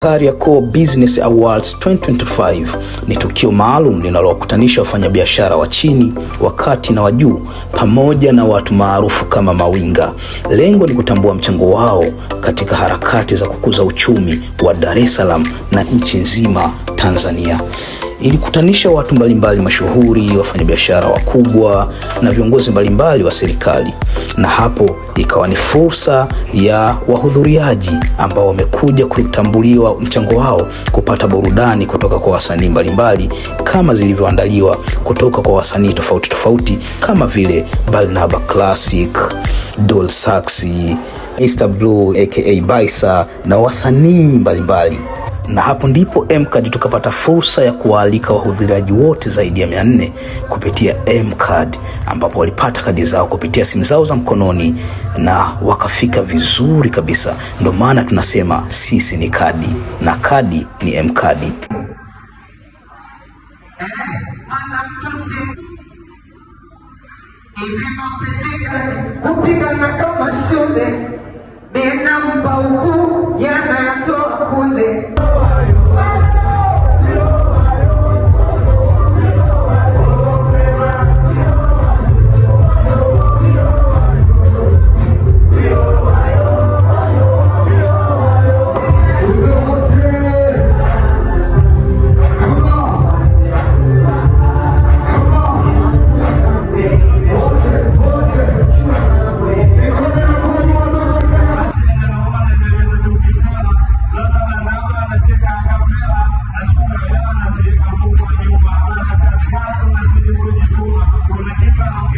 Kariakoo Business Awards 2025 ni tukio maalum linalowakutanisha wafanyabiashara wa chini, wa kati na wa juu pamoja na watu maarufu kama mawinga. Lengo ni kutambua mchango wao katika harakati za kukuza uchumi wa Dar es Salaam na nchi nzima Tanzania ilikutanisha watu mbalimbali mashuhuri, wafanyabiashara wakubwa na viongozi mbalimbali wa serikali, na hapo ikawa ni fursa ya wahudhuriaji ambao wamekuja kutambuliwa mchango wao kupata burudani kutoka kwa wasanii mbalimbali kama zilivyoandaliwa kutoka kwa wasanii tofauti tofauti kama vile Barnaba Classic, Dol Saxi, Mr Blue aka Baisa na wasanii mbalimbali na hapo ndipo MCAD tukapata fursa ya kuwaalika wahudhuriaji wote zaidi ya 400 kupitia MCAD, ambapo walipata kadi zao kupitia simu zao za mkononi na wakafika vizuri kabisa. Ndio maana tunasema sisi ni kadi na kadi ni MCAD. Kupigana kama shule ni namba ukuu Yeah.